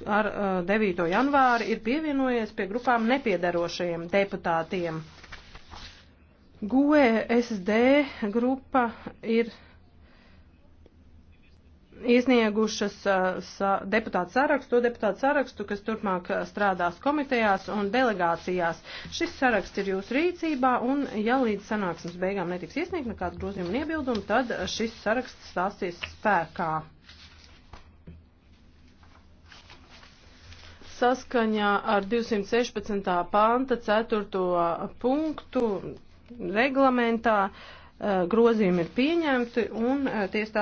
un ar 9. Uh, janvāri ir pievienojies pie grupām nepiedarošajiem deputātiem. GUE SD grupa ir iesniegušas uh, sa, deputātu sarakstu, to deputātu sarakstu, kas turpmāk uh, strādās komitejās un delegācijās. Šis saraksts ir jūsu rīcībā, un ja līdz sanāksmes beigām netiks iesniegt nekādu grozījumu un iebildumu, tad šis saraksts stāsies spēkā. saskaņā ar 216. panta 4. punktu reglamentā eh, grozījumi ir pieņemti un eh, tiesā